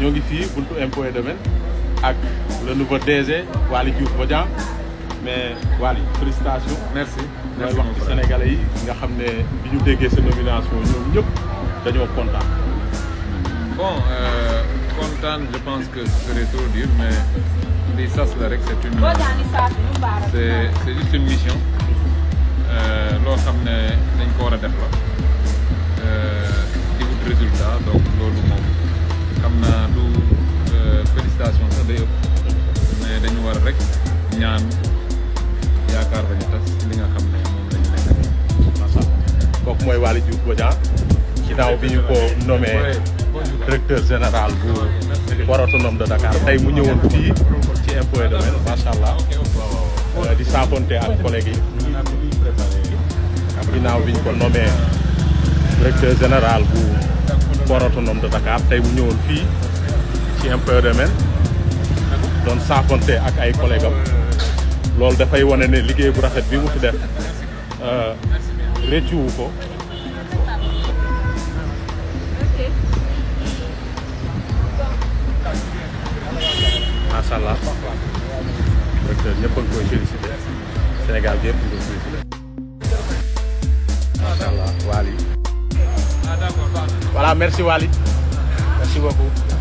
ñoo ngi fii buntu impôt et domaine ak le nouveau DG Waly Diouf Bodian mais Waly félicitations. merci merci wax ci sénégalais yi nga xam ne bi ñu déggee sa nomination ñoom ñëpp dañoo kontaan. bon euh, kontaan euh, je pense que ce serait trop dur mais lii sas la rek c'est une mission euh, loo xam ne dañ ko war a def la. day ëpp mais dañu war rek ñaan yaakaar mooy Waly Diouf Bodian ginnaaw bi ñu ko nommé directeur général bu Port autonome de Dakar tey mu ñëwoon fii ci impôt et domaine macha allah euh, di saafonte ak collègues yi ginnaaw bi ñu ko nommé directeur général bu Port autonome de Dakar tey mu ñëwoon fii ci impôt et domaine doon saafonte ak ay collègues am loolu dafay wone ne liggéey bu rafet bi mu fi def euh, rëccuwu ko macha allah docteur ñëpp a Sénégal bi yëpp ñu koy félicité merci Waly merci beaucoup